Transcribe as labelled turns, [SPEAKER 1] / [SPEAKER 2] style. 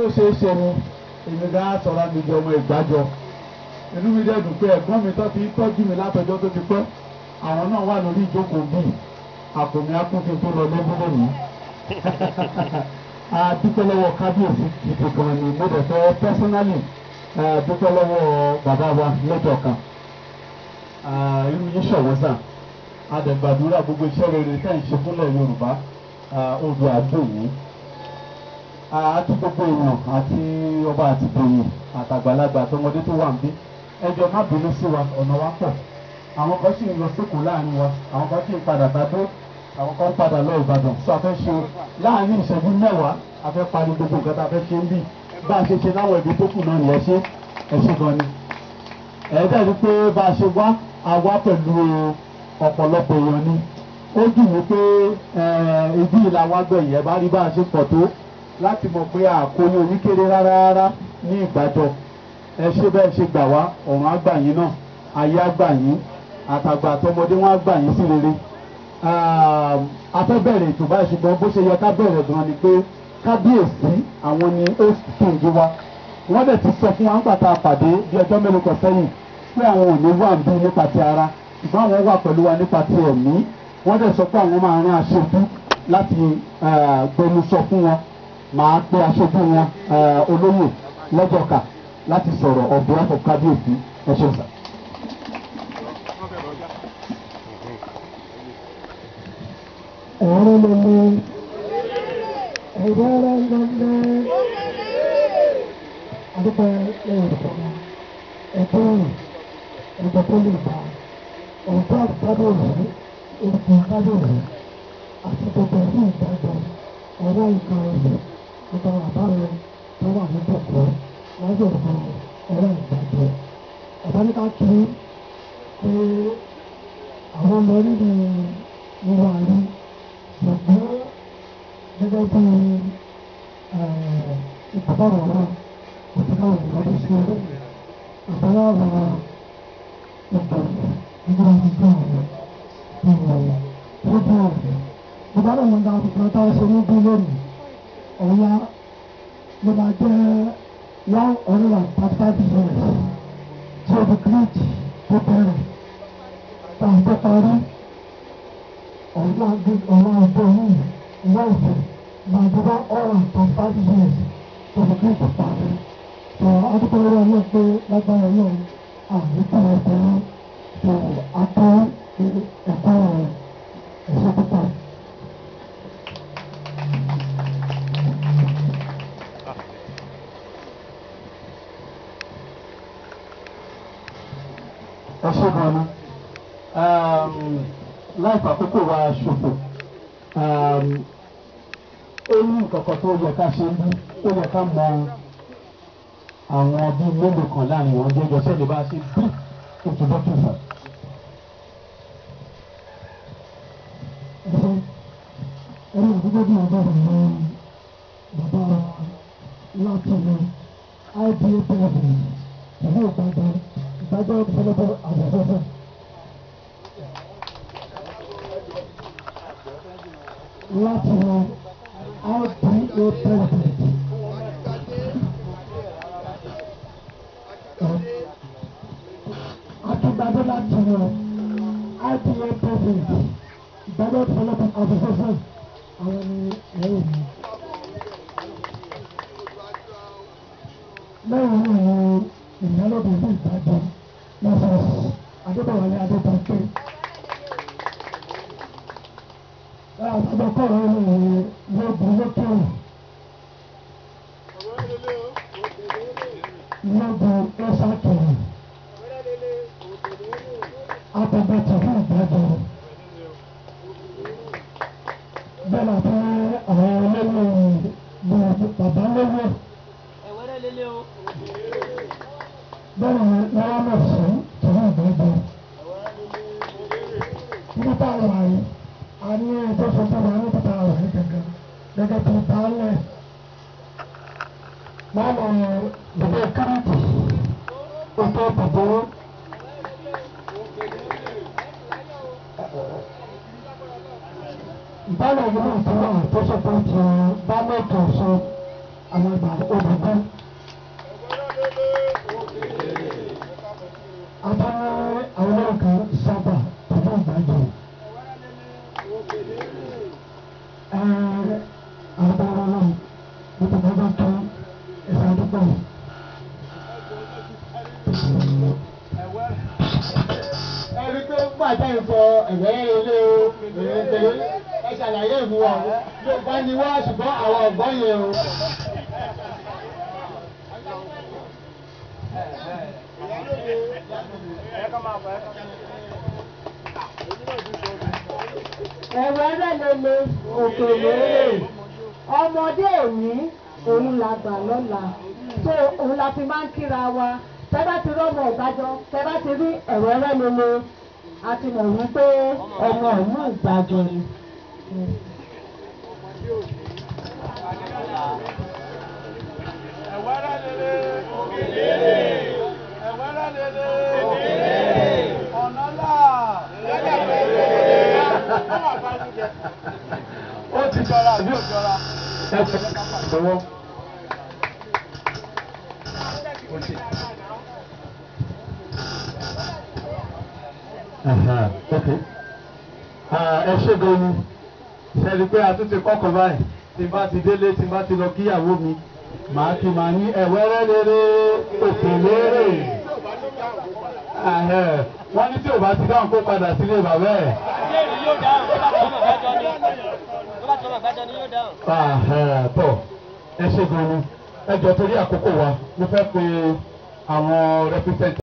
[SPEAKER 1] ló ṣe é ṣe ni èmi gan á sọ̀rọ̀ mi di ọmọ ìgbàjọ inú mi dẹ́dùn pé ẹ̀gbọ́n mi tó ti tọ́jú mi látọjọ́ tó ti pẹ́ àwọn náà wà lórí ìjókòó bíi àkòmí akúnfin tó lọ lọ́gbọ́n lónìí adúpẹ́ lọ́wọ́ kábíyèsí gidi gan ni mo dẹ̀ fẹ́ pẹ́sọ́nálì dúpẹ́ lọ́wọ́ bàbá wa lọ́jọ́ kan irú yín ṣọ̀wọ́ sàn adẹ̀gbàdúrà gbogbo iṣẹ́ rere tá à ń ṣe fúnlẹ̀ Yorùbá odò àdó yìí àti gbogbo èèyàn àti ọba àti bòyè àtàgbàlagbà àtọmọdé tó wà ń bí ẹjọ má bínú sí wa ọ̀nà wa pọ̀ àwọn kan sì ń lọ sẹ́kọ̀ọ́ láàrin wa àwọn kan sì ń padà bàdó àwọn kan ń padà lọ Ìbàdàn sọ afẹ́ ṣe láàrin ìṣẹ́jú mẹ́wàá afẹ́ parí gbogbo nǹkan tá a fẹ́ ṣe ń bì bá a ṣe ṣe láwọn ibi tó kù náà ni ẹ ṣe ẹ ṣe gan ni ẹ̀ẹ́dẹ́rì pé bá a ṣe wá a wá pẹ̀lú ọ̀pọ̀lọpọ̀ èèyàn ni ó dùn mí pé ibi ìlà wa gbẹ̀yìn bá rí bá a ṣe pọ̀ tó láti mọ̀ pé àkóyọ oníkéré rárá rárá ní ìgbàjọ ẹ ṣe bẹ́ẹ̀ ṣe gbà wá ọ̀run àgbà yín náà ayé àgbà yín àtàgbà àtọmọdé wọn àgbà yín sí rere afẹ́bẹ̀rẹ̀ ètò báyìí ṣùgbọ́n bó ṣe yẹ ká bẹ̀rẹ̀ gan ni pé kábíyèsí àwọn ni ó kéde wa wọ́n dẹ̀ ti sọ fún wa nígbà tá a pàdé bí ọjọ́ mélòó kan sẹ́yìn pé àwọn ò ní wà bí nípa ti ara ṣùgbọ́n àwọn wà pẹ̀lú wa nípa ti ẹ̀mí wọ́n dẹ̀ sọ pé àwọn máa rán aṣojú láti gbẹnusọ fún wọn máa pé aṣojú wọn eh, olóyè lọ́jọ́ka láti sọ̀rọ̀ ọ̀bẹ ọ̀fọ̀ kábíyèsí ẹ̀ṣẹ̀ ọ̀sà.
[SPEAKER 2] ẹ̀rọ lọ́lẹ́ ẹ̀rọ lọ́lẹ́ àdúgbò ẹ̀rọ ẹ̀tọ́ ọ̀rọ̀ ẹ̀dọ̀ tó lè bá ọ̀dọ́ àgbàdọ̀rẹ̀ ètò àgbàdọ̀rẹ̀ àti gbogbo ẹ̀rí ìdájọ́ ọ̀rọ̀ ìgbà ọ̀rọ̀ ọba bàbá rẹ tó wà ní bọ̀kọ́ lọ́sọ̀rọ̀ ẹ̀rọ ìgbàgbọ́ bàbá ní ká kí pé àwọn ọmọ nínú ìwà rí ṣùgbọ́n gẹ́gẹ́ bí ìpàdánù náà kò sí káwọn ìwádìí ṣe ìpàdánù àwọn ìgbà ìgbà ìgbà ìgbà ìgbà ìgbà ìgbà ìgbà ìgbà ìgbà ìgbà ìgbà ìgbà ọ̀la ló máa jẹ́ one hundred and thirty five years tí o di great tó bẹ̀rẹ̀ tá a tó parí ọ̀la ọ̀la ọ̀dọ́ yìí ìyá ìfẹ́ máa jẹ́ one hundred and thirty five years tó di great tó parí tó adúgbò rẹ̀ náà pé lágbára náà àyíká ọ̀dọ́ tó àtọ́ ẹ̀kọ́ ẹ̀ṣẹ́ pípa.
[SPEAKER 1] ẹ ṣe gan ni láìpẹ àkókò wa ṣòfò um, ó ní nǹkankan tó yẹ ká ṣe ń bí ó yẹ ká mọ àwọn bíi mélòó kan láàrin wọn jẹjọ sẹ́ni bá ṣe bí ìtúbọ̀tún fún. ẹ̀rọ
[SPEAKER 2] ìdíjọ́ bí ọ̀gá rẹ̀ ní bàbá látọ̀nà ibapf ìlú ìbàdàn. i Philippe Abraham. Left hand, RPA president. Akibabu Adébọ̀wálé Adébọ̀ké. Báyọ̀ àtọ́jọ́ kọ̀ọ̀rọ̀ ìròyìn yóò burú lókè òun. Yóò bu ẹ̀ṣá kẹ̀yìn. Abẹ̀bẹ̀ gẹ́gẹ́ bí baálẹ̀ baálẹ̀ bàbá kírìtì ọ̀tọ̀ bàbá baálẹ̀ yìí náà tó wà tó sọ pé ti àwọn ìgbà òdòdó.
[SPEAKER 1] nígbà tẹ́ ń fọ ẹ̀wẹ́ ilé o èrèǹtẹ̀ ẹ ṣàlàyé ìfún wa ló bá ní wá ṣùgbọ́n àwọn ọ̀gbọ́n yẹn o. ẹ̀rọ ẹlẹ́lẹ́lẹ́
[SPEAKER 2] òkèlè ọmọdé òní òun la gbà lọ́la tó òun la fi máa ń kíra wa tẹ́ bá ti rọ́mọ ìbájọ́ tẹ́ bá ti rí ẹ̀rọ ẹlẹ́lẹ́lẹ́ a ti mọ̀ wípé ọmọ ìlú Ìgbàjọ ni.
[SPEAKER 1] ó ti jọra àbí ò jọra. ẹ ti sọ wọ́n. Ah, ẹ ṣe gan ni ṣẹlẹ̀ pé a tún ti kọ́kọ́ báyìí tí n bá ti délé tí n bá ti lọ kíyàwó mi màá ti màá ní ẹ̀wẹ́rẹ́ lére òkè lérè wọ́n ní tí ò bá ti dáhùn kó padà sílé bàbá ẹ̀. bọ́ ẹ ṣe gan ni ẹ jọ torí àkókò wa mo fẹ́ pe àwọn representative.